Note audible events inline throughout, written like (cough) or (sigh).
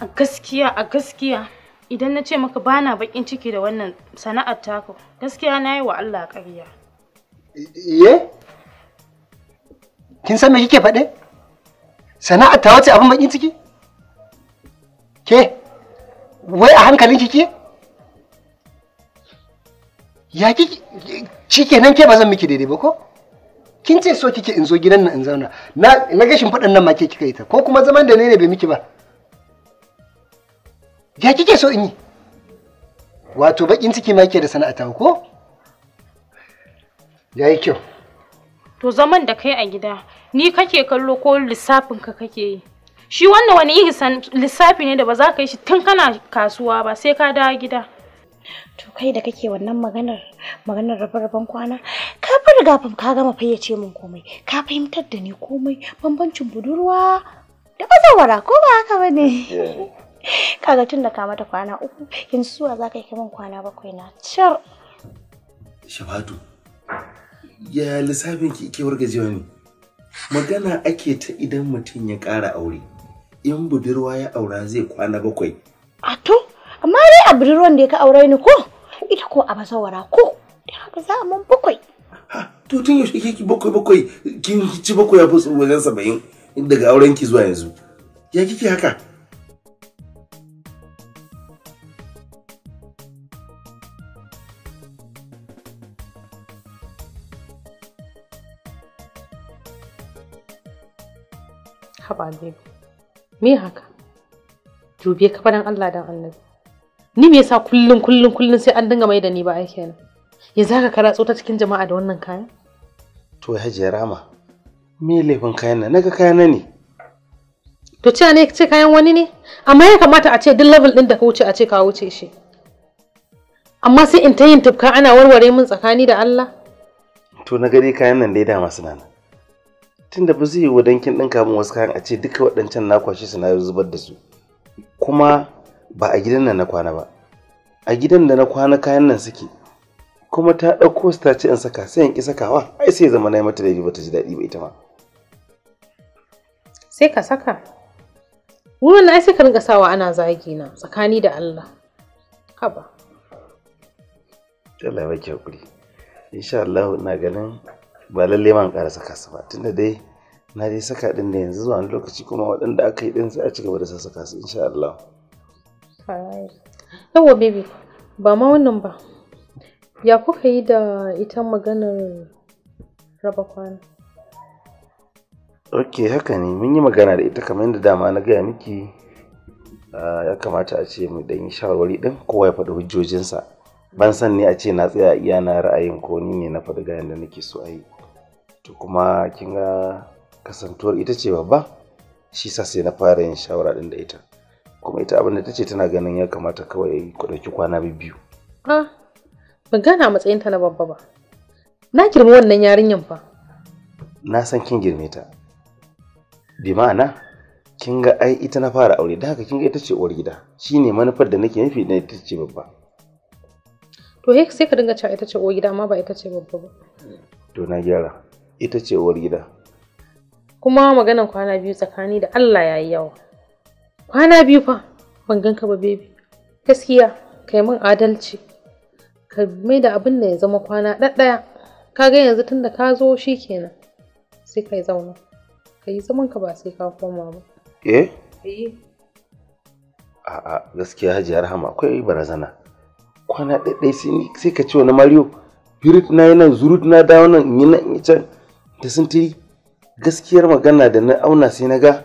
A gaskiya a gaskiya idan na ce maka bana bakin ciki da wannan sana'ar taku gaskiya na yi wa Allah ƙarya. Iye? Kin san me kike faɗe? Sana'ar ta wace abin bakin ciki? Ke? Wai a hankalin kike? Ya kike? nan ke ba zan miki daidai ba ko? Kin ce so kike in zo gidan nan in zauna. Na gashin faɗan nan ma ke kika yi ta ko kuma zaman da ne ne bai miki ba. ya kike so in yi wato bakin ciki ma ke da sana'ata ko ya yi kyau to zaman da kai a gida ni kake kallo ko lissafin ka kake yi shi wannan wani iri lissafi ne da ba za ka yi shi tun kana kasuwa ba sai ka dawo gida to kai da kake wannan maganar maganar rabe kwana ka fi riga ka gama fayyace min komai ka fahimtar da ni komai bambancin budurwa da bazawara ko ba haka bane (laughs) kaga tun da ka mata kwana uku yanzu zuwa za ka yi kaman kwana bakwai na car shabatu ya lissafin ki kewar jiwa ne magana ake ta idan mutum ya ƙara aure in budurwa ya aura zai kwana bakwai a to amma dai a budurwan da ya ka aure ni ko ita ko a bazawara ko da haka za a man bakwai to tun yaushe kike bakwai bakwai kin ci bakwai a fusu wajen saba'in daga aurenki zuwa yanzu ya kike haka Alheri. Me haka? Dube ka fadan Allah dan Annabi. Ni me yasa kullun kullun kullun sai an dinga mai da ni ba ai kenan. Ya zaka ka ta cikin jama'a da wannan kayan? To Hajiya Rama, me laifin kayan nan? Naga kayan nan ne. To ce ne ce kayan wani ne? Amma ya kamata a ce duk level din da ka wuce a ce ka wuce shi. Amma sai in ta yin tufka ana warware min tsakani da Allah. To na gari kayan nan dai dama suna nan. tunda ba zai wa dankin ɗin kamun wasu kayan a ce duka waɗancan na kwashe su na zubar da su kuma ba a gidan nan na kwana ba a gidan da na kwana kayan nan suke kuma ta ɗauko su ta ce in saka sai in ki sakawa ai sai zama na yi mata laifi bata ji daɗi ba ita ma sai ka saka wurin na sai ka rinka sawa ana zagi na tsakani da Allah haba Allah ya baki hakuri insha Allah ina ganin ba lalle man ƙara saka su ba tunda dai na dai saka din da yanzu zuwa wani lokaci kuma waɗanda aka yi din sai a ci gaba da sassaka su insha Allah. Yawwa baby ba ma wannan ba. Ya kuka yi da ita maganar raba kwana? Ok haka ne mun yi magana da ita kamar yadda dama na gaya miki ah, ya kamata a ce mu dan yi shawarwari din kowa ya faɗi hujjojinsa. Ban san ne a ce na tsaya iya na ra'ayin ko ni ne na faɗi gayan da nake so a yi. to kuma kin ga kasantuwar ita ce babba shi sa sai na fara yin shawara din da ita kuma ita abin da tace ce tana ganin ya kamata kawai ku dauki kwana biyu ha ban gana matsayinta na babba ba na girma wannan yarinyan fa na san kin girme ta bi ma'ana kin ga ai ita na fara aure da haka kin ga ita ce uwar gida shine manufar da nake nufi da ita ce babba to sai ka dinga cewa ita ce uwar gida amma ba ita ce babba ba to na gyara ita ce wuri gida kuma maganan kwana biyu tsakani da Allah ya yi yawa kwana biyu fa ban ganka ba baby gaskiya kai min adalci ka mai da abin da ya zama kwana ɗaɗɗaya ka ga yanzu tunda ka zo shi kenan sai ka yi zauna ka yi zaman ka ba sai ka koma ba eh, eh. a'a gaskiya hajiya rahama akwai barazana kwana ɗaɗɗai sai ka ce wani mario birit na yi nan zurut na dawo nan in yi nan in can da sintiri gaskiyar magana da na auna sai na ga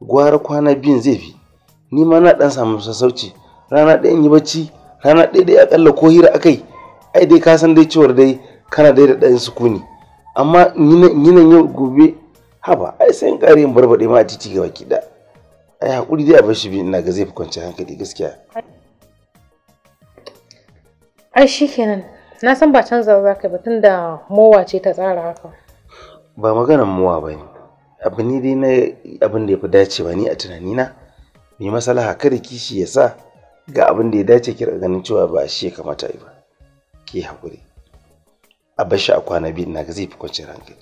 gwara kwana biyun zai fi ni ma na dan samu sassauci rana ɗaya in yi bacci rana ɗaya dai akalla ko hira akai ai dai ka san dai cewar dai kana dai da ɗan sukuni amma nan yau gobe haba ai sai in ƙare in barbaɗe ma a titi ga baki da ai haƙuri dai a bar shi ina ga zai fi kwanciyar hankali gaskiya ai shikenan na san ba canza za ka ba tunda mowa ce ta tsara haka ba maganan muwa ba ne abu ni dai na abin da ya fi dacewa ni a tunanina mai maslaha kada kishi ya sa ga abin da ya dace kira ganin cewa ba shi ya kamata yi ba ke haƙuri a bashi a kwana biyu na ga zai fi kwanciyar hankali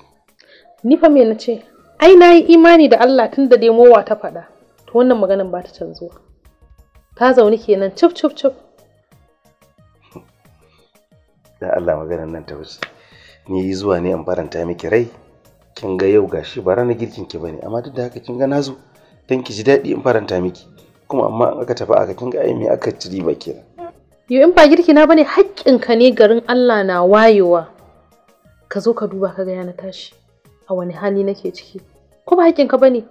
ni fa me na ce ai na yi imani da Allah tun da demowa ta faɗa to wannan maganan ba ta canzuwa ta zaune kenan cif cif cif (laughs) da Allah maganan nan ta wuce ni yi zuwa ne in faranta miki rai kin ga yau gashi ba ranar girkin ki bane amma duk da haka kin ga nazo dan ki ji daɗi in faranta miki kuma amma in aka tafi aka kin ga ai me aka ci riba kenan yo in ba girki na bane haƙƙin ka ne garin Allah na wayewa ka zo ka duba ka ga na tashi a wani hali nake ciki ko ba haƙƙin ka bane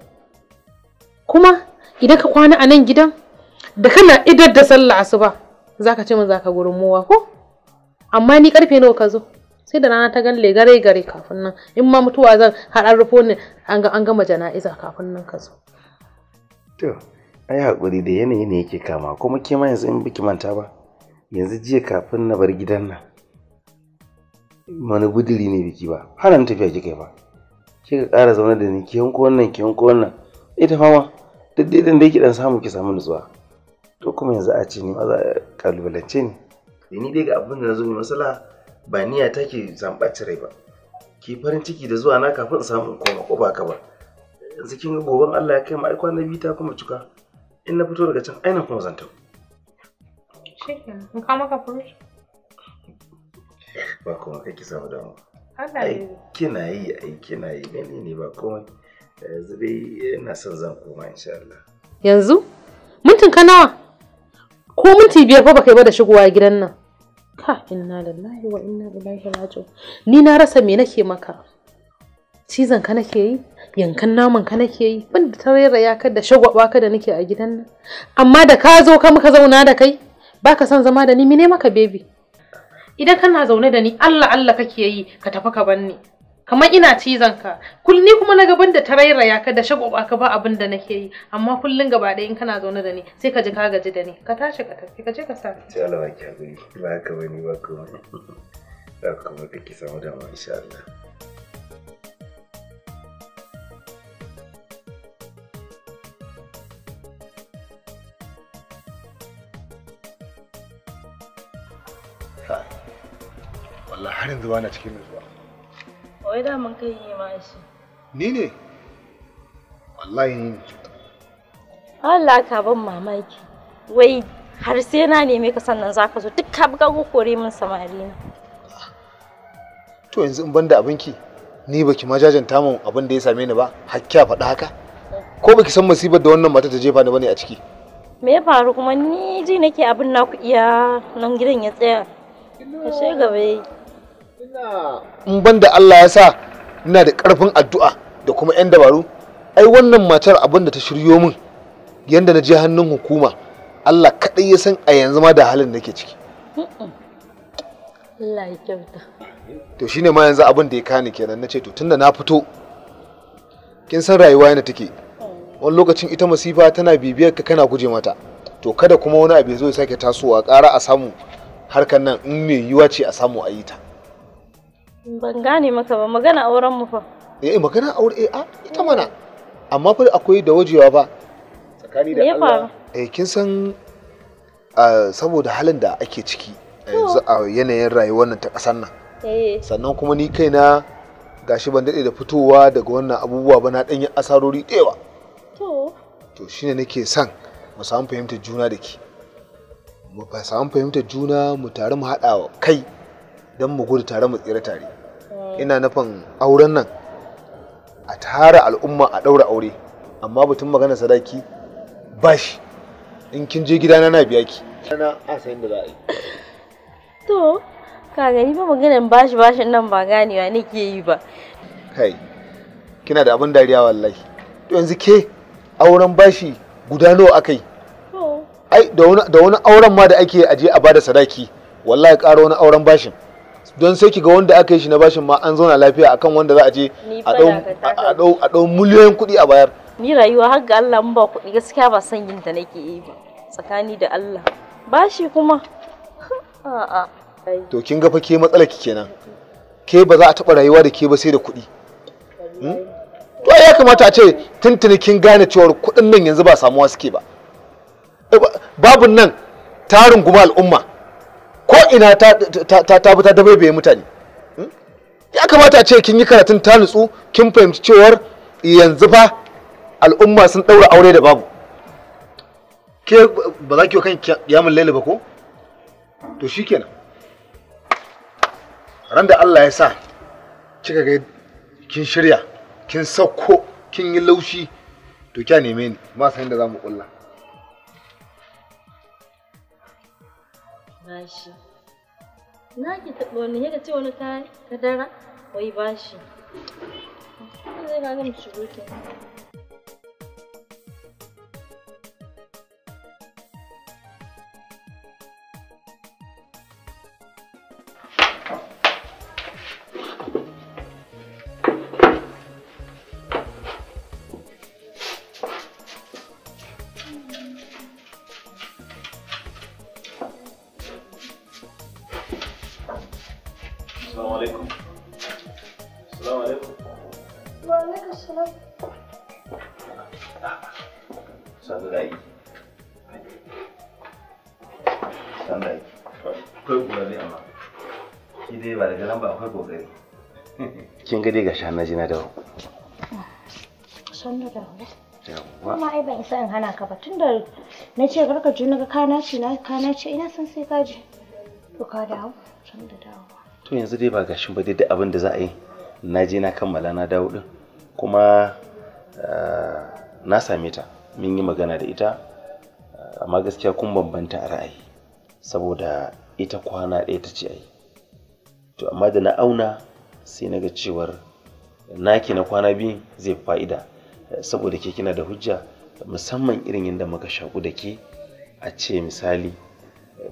kuma idan ka kwana a nan gidan da kana idar da sallah asuba zaka ce mun zaka gurin muwa ko amma ni karfe nawa ka zo sai da rana ta galle gare gare kafin nan in ma mutuwa zan haɗar rufo ne an gama jana'iza kafin nan ka zo to ai hakuri da yanayi ne yake kama kuma ke ma yanzu in biki manta ba yanzu jiya kafin na bar gidan nan mana gudiri ne biki ba hana tafiya kika ba kika ƙara zaune da ni ki yanko wannan ki yanko wannan ita fama duk da idan da yake dan samu ki samu nutsuwa to kuma yanzu a ce ni ma za a kalubalance ni da ni dai ga abin da na zo mai masala ba niyya take zambaci rai ba ki farin ciki da zuwa na kafin in samu koma ko ba ka ba yanzu kin ga goben Allah ya kai mu ai kwana biyu ta kuma cuka in na fito daga can aina kuma zan tafi shikenan in ka maka furuci ba kuma kai ki samu damuwa ai kina yi ai kina yi gani ne ba komai yanzu dai ina son zan koma insha Allah yanzu mintin ka nawa ko minti biyar fa baka yi ba da shigowa gidan nan ka inna lillahi wa inna ilaihi raji'un ni na rasa me nake maka cizon ka nake yi yankan naman ka nake yi ban da tarera ya kada da shagwaba ka da nake a gidan nan amma da ka zo ka muka zauna da kai baka son zama da ni mine maka bebi idan kana zaune da ni Allah Allah kake yi ka tafi ka banni kamar ina cizon ka kulli kuma na gaban da ta rairaya ka da shagwaba ka ba abin da nake yi amma kullun gaba ɗaya in kana zaune da ni sai ka ji ka gaji da ni ka tashi ka tafi ka je ka sa sai Allah baki hakuri ba ka bani ba ka wani za ka kuma kake samu da dama insha Allah wallahi har yanzu ba na cikin nutsuwa Wai da mun kai ma shi. Ni ne? Wallahi ni ne. Allah ka ban mamaki. Wai har sai na neme ka sannan za ka zo duk ka buga kore min samari ne. To yanzu in banda abinki ni baki ma jajanta min abin da ya same ni ba a faɗa haka. Ko baki san masibar da wannan mata ta jefa ni bane a ciki. Me ya faru kuma ni ji nake abin naku iya nan gidan ya tsaya. Ka gaba in ban da Allah ya sa ina da ƙarfin addu'a da kuma 'yan dabaru ai wannan matar abin da ta shiryo min yadda na je hannun hukuma Allah kaɗai ya san a yanzu ma da halin da ke ciki Allah ya kyauta to shine ma yanzu abin da ya kani kenan na ce to tunda na fito kin san rayuwa yana take wani lokacin ita masifa tana bibiyar ka kana guje mata to kada kuma wani abu ya zo ya sake tasowa ƙara a samu harkan nan in mai yiwuwa ce a samu a yi ta Ban gane maka ba magana auren mu fa. Eh magana aure eh a ah, ita mana. Amma fa akwai da wajewa ba. Tsakani da Allah. Eh kin san ah, saboda halin da ake ciki yanzu a yanayin rayuwar nan ta ƙasar nan. Eh. Sannan kuma ni kaina gashi ban daɗe da fitowa daga wannan abubuwa ba na yi asarori ɗewa. To. To shine nake son mu samu fahimtar juna da ke. Mu samu fahimtar juna mu tare mu haɗa kai don mu gudu tare mu tsira tare. ina nufin auren nan a tara al'umma a ɗaura aure amma batun magana sadaki ba shi in kin je gidana na biya ki na a da za a yi to ka gani ba maganan bashi bashin nan ba wa nake yi ba kai kina da abin dariya wallahi to yanzu ke auren bashi guda nawa akai ai da wani auren ma da ake aje a bada sadaki wallahi ƙara wani auren bashin don sai kiga wanda aka yi shi na bashin ma an zauna lafiya akan wanda za a je a ɗau miliyoyin kuɗi a bayar ni rayuwa har ga Allah ba kuɗi gaskiya ba san yin da nake yi ba tsakani da Allah bashi kuma (laughs) a'a to kin ga fa ke matsalar ki kenan ke ba za a taɓa rayuwa da ke ba sai da kuɗi hmm? to ya kamata a ce tuntuni kin gane cewar kuɗin nan yanzu ba samuwa suke ba babu nan tarin guma al'umma ko ina ta ta ta bai mutane hmm? ya kamata ce kin yi karatun ta nutsu kin fahimci cewar yanzu fa al'umma sun ɗaura aure da babu ke ba za ki kan yamin laila ba ko to shikenan ran da Allah ya sa kika ga kin shirya kin sauko kin yi laushi to kya neme ni ba san da za mu kulla bashi na ki taɓa wani yadda ce wani kadara wai bashi zai ga gama shigo kenan wallahi kai ga dai gashi hannaji dawo san da dawo kuma ai ban isa in hana ka ba tunda na ce karka ji na ga kana ce na kana ce ina san sai ka ji to ka dawo san da dawo to yanzu dai ba gashin ba dai duk abin da za a yi na je na kammala na dawo din kuma eh, na same ta mun yi magana da ita eh, amma gaskiya kun bambanta a ra'ayi saboda ita kwana ɗaya ta ce ai to amma da na auna sai na ga cewar naki na kwana biyu zai fa'ida saboda ke kina da hujja musamman irin yadda muka shaku da ke a ce misali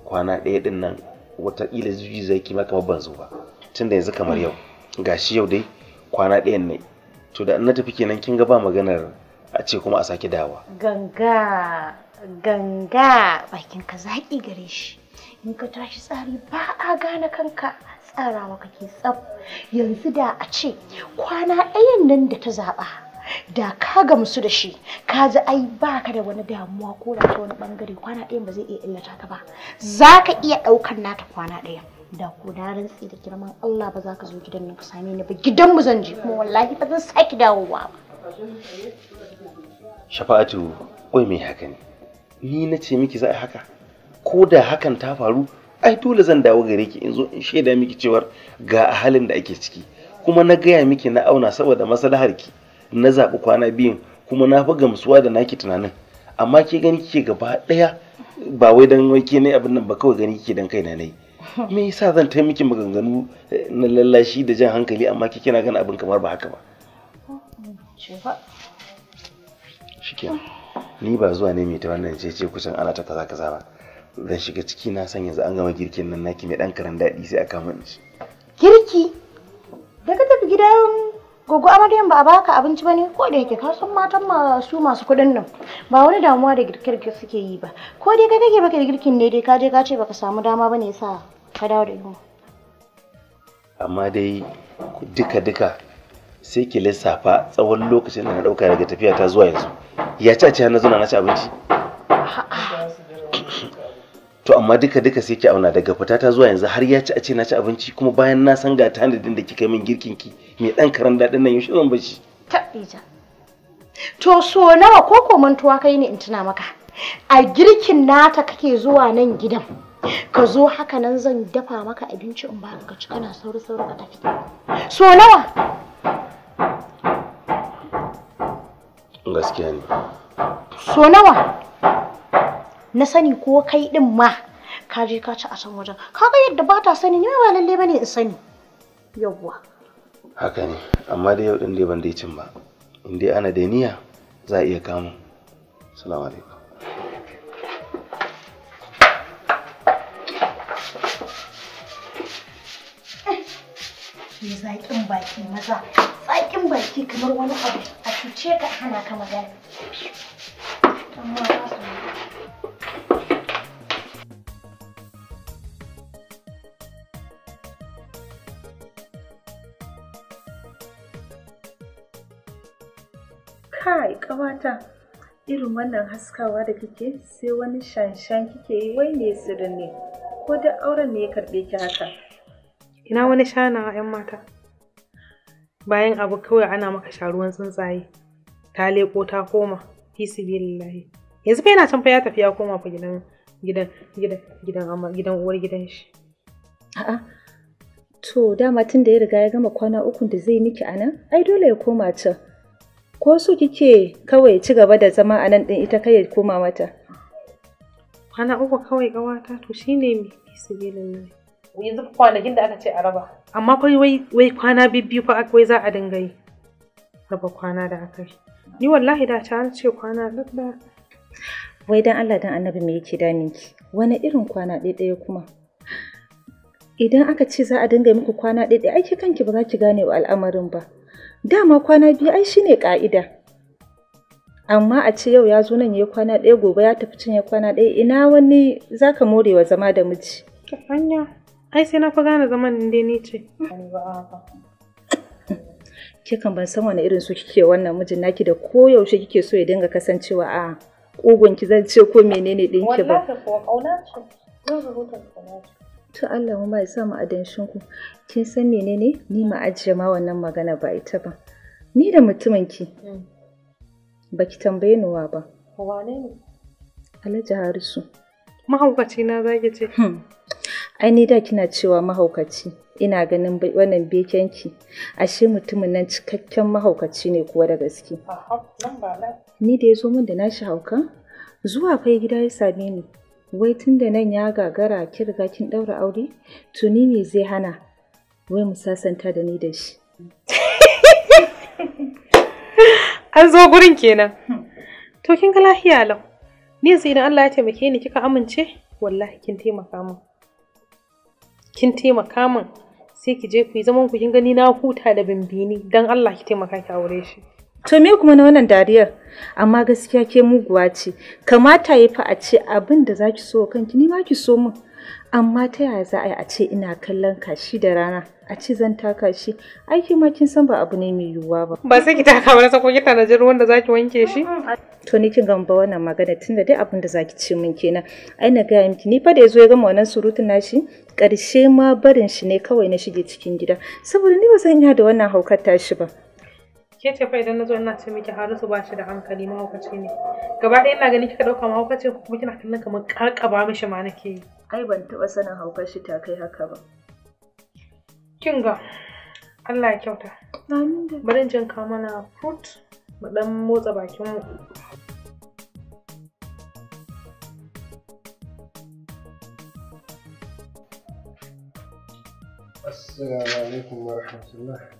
kwana ɗaya ɗin nan wataƙila zuji zai kima kamar ban zo ba tun da yanzu kamar yau ga shi yau dai kwana ɗayan ne to da na tafi kenan kin ga ba maganar a ce kuma a sake dawa ganga ganga bakin ka zaƙi gare shi in ka tashi tsari ba a gane kanka tsarawa maka ke yanzu da a ce kwana ɗayan nan da ta zaɓa da ka gamsu da shi ka ji ai ba ka da wani damuwa ko da wani bangare kwana ɗayan ba zai iya illata ka ba za ka iya ɗaukar nata kwana ɗaya da ko na rantsi da girman Allah ba za ka zo gidan nan ka same ni ba gidan mu zan je kuma wallahi ba zan saki dawowa ba Shafa'atu wai me haka ne ni nace miki za a haka Koda hakan ta faru ai dole zan dawo gare ki in zo in shaida miki cewar ga a halin da ake ciki kuma na gaya miki na auna saboda maslahar ki na zaɓi kwana biyun kuma na fi gamsuwa da naki tunanin amma ke gani kike gaba ɗaya ba wai dan wai ke ne abin nan ba kawai gani kike dan kai kaina nayi (laughs) me yasa zan ta miki maganganu eh, na lallashi da jan hankali amma ke kina gani abin kamar ba haka ba shikenan ni ba zuwa ne mai ta wannan ce ce kusan ana ta kaza kaza ba zan shiga ciki na san yanzu an gama girkin nan naki mai dan karan daɗi sai a kama ni girki da tafi gidan gogo amaryan ba a baka abinci ba ne ko da yake ka san matan masu masu kuɗin nan ba wani damuwa da girke suke yi ba ko dai kai kake baka girkin ne dai ka je ka ce baka samu dama ba ne yasa ka dawo da yunwa amma dai duka duka sai ki lissafa tsawon lokacin da na ɗauka daga tafiya ta zuwa yanzu ya ci a ci na zuna na ci abinci a'a to amma duka duka sai ki auna daga fita ta zuwa yanzu har ya ci a ce na ci abinci kuma bayan na san ga tanadin da kika min girkin ki me dan karan dadin nan yaushe zan bashi? shi to so nawa ko ko mantuwa kai ne in tuna maka a girkin nata kake zuwa nan gidan ka zo haka nan zan dafa maka abinci in ba ka ci kana sauri sauri ka tafi so nawa gaskiya ne so nawa na sani ko kai din ma ka je ka ci a can wajen kaga yadda ba ta sani ni ba lalle bane in sani yawwa haka ne amma da yau din dai ban dai cin ba in dai ana da niyya za a iya kamun assalamu alaikum Me zaƙin baki maza, zaƙin baki kamar wani abu a cuce ka hana ka magana. Amma su kamata irin wannan haskawa da kike sai wani shanshan kike yi wai ne ne ko da auren ne ya karɓe ki haka ina wani shana yan mata bayan abu kawai ana maka sharuwan tsuntsaye ta leko ta koma fi sabilillahi yanzu fa yana can fa ya tafi koma fa gidan gidan gidan gidan amma gidan uwar gidan shi a'a to dama tun da ya riga ya gama kwana ukun da zai miki anan ai dole ya koma can ko su kike kawai ci gaba da zama a nan ɗin ita kai ya koma mata kwana uku kawai gawata to shine me sabilin nan yanzu kwanakin da aka ce a raba amma kai wai wai kwana bibbiyu fa akwai za a dinga yi raba kwana da aka yi ni wallahi da ta ce kwana ɗaɗɗa wai dan Allah dan annabi me yake daminki? ki wani irin kwana ɗaya kuma idan aka ce za a dinga muku kwana ɗaya ai kanki ba za ki gane wa al'amarin ba Dama kwana biyu ai shine ka'ida Amma a ce yau ya zo nan ya kwana ɗaya gobe ya tafi can ya kwana ɗaya ina wani za ka morewa zama da miji. Hanya, ai sai na fi gane zaman da ni ce. (laughs) Ke kan ban san wani irin su kike wannan mijin naki da ko yaushe kike so ya dinga kasancewa a ƙugunki zan ce ko menene ɗinki ba. Wallahi ko kauna ce. Zan rubuta kauna ce. to Allah ma ya sa mu danshin ku kin san menene ni ma ajiye ma wannan magana ba ita ba ni da mutumin ki hmm. baki tambaye ni wa ba wane ne Alhaji Harisu mahaukaci na zaki ce hmm. ai ni da kina cewa mahaukaci ina ganin wannan bekenki ashe mutumin nan cikakken mahaukaci ne kuwa da gaske ni da ya zo min da nashi hauka zuwa kai gida ya same ni wai tun da nan ya gagara ki riga kin ɗaura aure to ni zai hana wai mu sasanta da ni da shi (laughs) an zo gurin kenan to kin ga lafiya lau ni yanzu idan Allah ya taimake ni kika amince wallahi kin taimaka min kin taimaka min sai ki je ku yi zaman ku kin gani na huta da bimbini dan Allah ki taimaka ki aure shi To me kuma na wannan dariyar? Amma gaskiya ke muguwa ce, kamata ya fi a ce abin da za ki so kanki ni ma ki so min. Amma ta yaya za a yi a ce ina kallon kashi da rana, a ce zan taka shi, aiki ma kin san ba abu ne mai yiwuwa ba. Ba sai ki taka wani sako ki tanaji ruwan da ki wanke shi? To ni kin gamba wannan magana tunda dai abin da za ki ce min kenan. Ai na gaya miki ni fa da yazo ya gama wannan surutun nashi, karshe ma barin shi ne kawai na shige cikin gida, saboda ni ba zan iya da wannan haukar tashi ba. ke ce fa idan na zo ina ce miki harisu ba shi da hankali mahaukaci ne gaba ɗaya ina gani kika ɗauka mahaukaci ko kuma kina kallon kamar ƙaƙaba mishi ma nake yi ai ban taɓa sanin haukar shi ta kai haka ba kin ga Allah ya kyauta bari jin ka mana fruit mu ɗan motsa bakin mu Assalamu alaikum warahmatullahi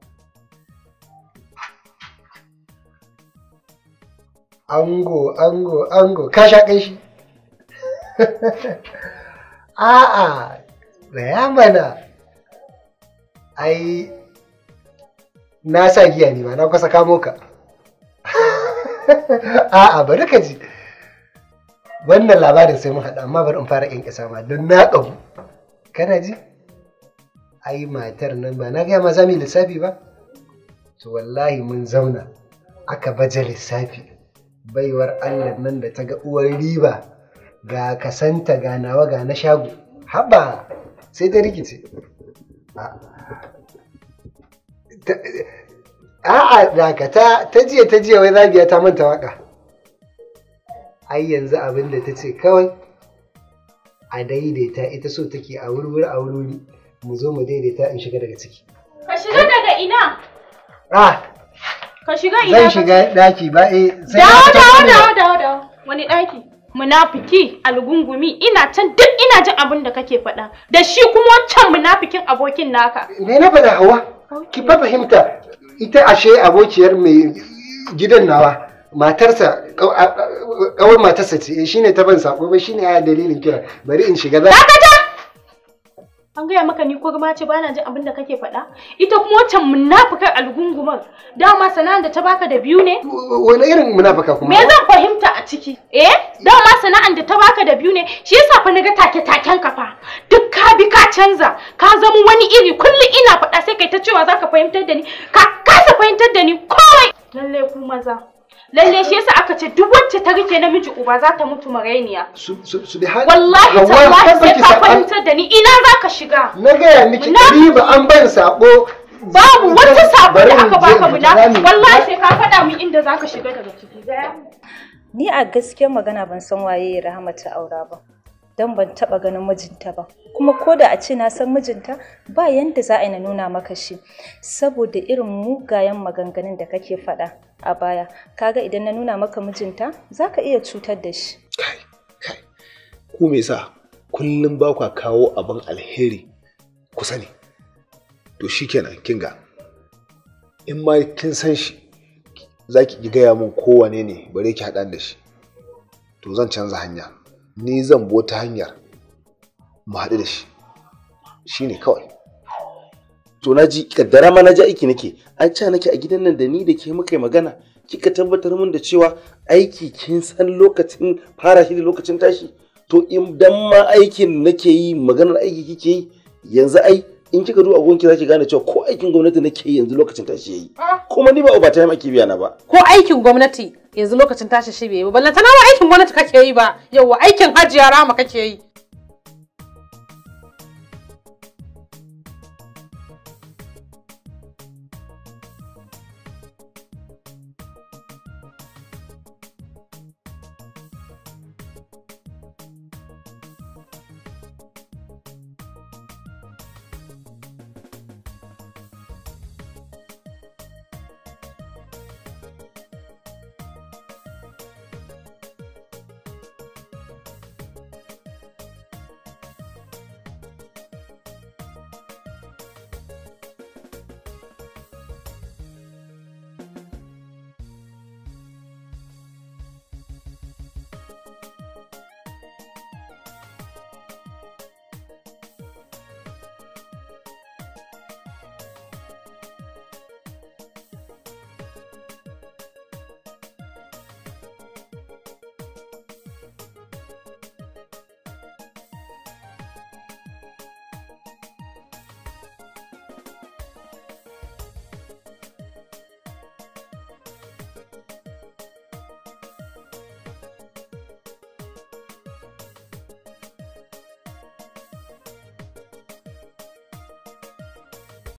ango ango ango ka sha shi? (laughs) a'a Baya mana ai na sa giya ne ba na kusa kamo ka (laughs) a'a bari ka ji wannan labarin sai mun haɗa amma bari in fara ƙyanƙyasa ma don na kana ji ai matar nan ba na gaya ma za mu yi lissafi ba to wallahi mun zauna aka baje lissafi baiwar Allah nan da ta ga uwar riba ga kasanta ga nawa ga na shago haba sai ta rikice a'a dakata ta jiya ta jiya wai zabiya ta manta waka ai yanzu abin da ta ce kawai a daidaita ita so take a wurwuri a wurwuri mu zo mu daidaita in shiga daga ciki ka shiga daga ina ah Ka shiga ina Zan shiga daki ba eh sai Dawo dawo dawo dawo dawo. Wani daki? Munafiki algungumi ina can duk ina jin abin da kake faɗa da shi kuma wancan munafikin abokin naka. Me na faɗa hawa? Ki fa fahimta ita ashe abokiyar mai gidan nawa matarsa kawai matarsa ce eh, shine ta ban sako ba shine ya dalilin kira bari in shiga za. An gaya maka ni ko ma ce bana jin abin da kake faɗa? Ita kuma waccan munafuka algungumar dama sana'ar da ta baka da biyu ne? Wani irin munafuka kuma? Me zan fahimta a ciki? Eh, dama sana'ar da ta baka da biyu ne, shi yasa fa na ga take taken ka fa. Duk ka bi ka canza, ka zama wani iri kullum ina faɗa sai kai ta cewa zaka fahimtar da ni, ka kasa fahimtar da ni kowai. Lallai ku maza. lalle shi yasa aka ce duk wacce ta rike namiji uba za ta mutu marainiya wallahi tallahi sai ka fahimtar da ni ina za ka shiga na gaya miki ɗari ba an ban sako babu wata sako da aka baka na wallahi sai ka faɗa min inda za ka shiga daga ciki ni a gaskiyar magana ban san waye rahama ta aura ba don ban taba ganin mijinta ba kuma ko da a ce na san mijinta ba yanda za a na nuna maka shi saboda irin mugayen maganganun da kake faɗa a baya kaga idan na nuna maka mijinta za ka iya cutar da shi ku me sa kullum ba kwa kawo abin alheri ku sani to shi kin kinga in ma kin san shi za ki gaya mun kowane ne bare ki haɗa da shi to zan canza hanya ni zan bo ta hanyar mu haɗu da shi shi ne kawai to na ji kaddara ma na ji aiki nake an ca nake a gidan nan da ni da ke muka magana kika tabbatar mun da cewa aiki kin san lokacin fara shi da lokacin tashi to idan ma aikin nake yi maganar aiki kike yi yanzu ai in kika duba agogonki zaki gane cewa ko aikin gwamnati nake yanzu lokacin tashi yayi kuma ni ba overtime ake biya na ba ko aikin gwamnati yanzu lokacin tashi shi bai yi ba ballantana wa aikin gwamnati kake yi ba yawa aikin hajiya rama kake yi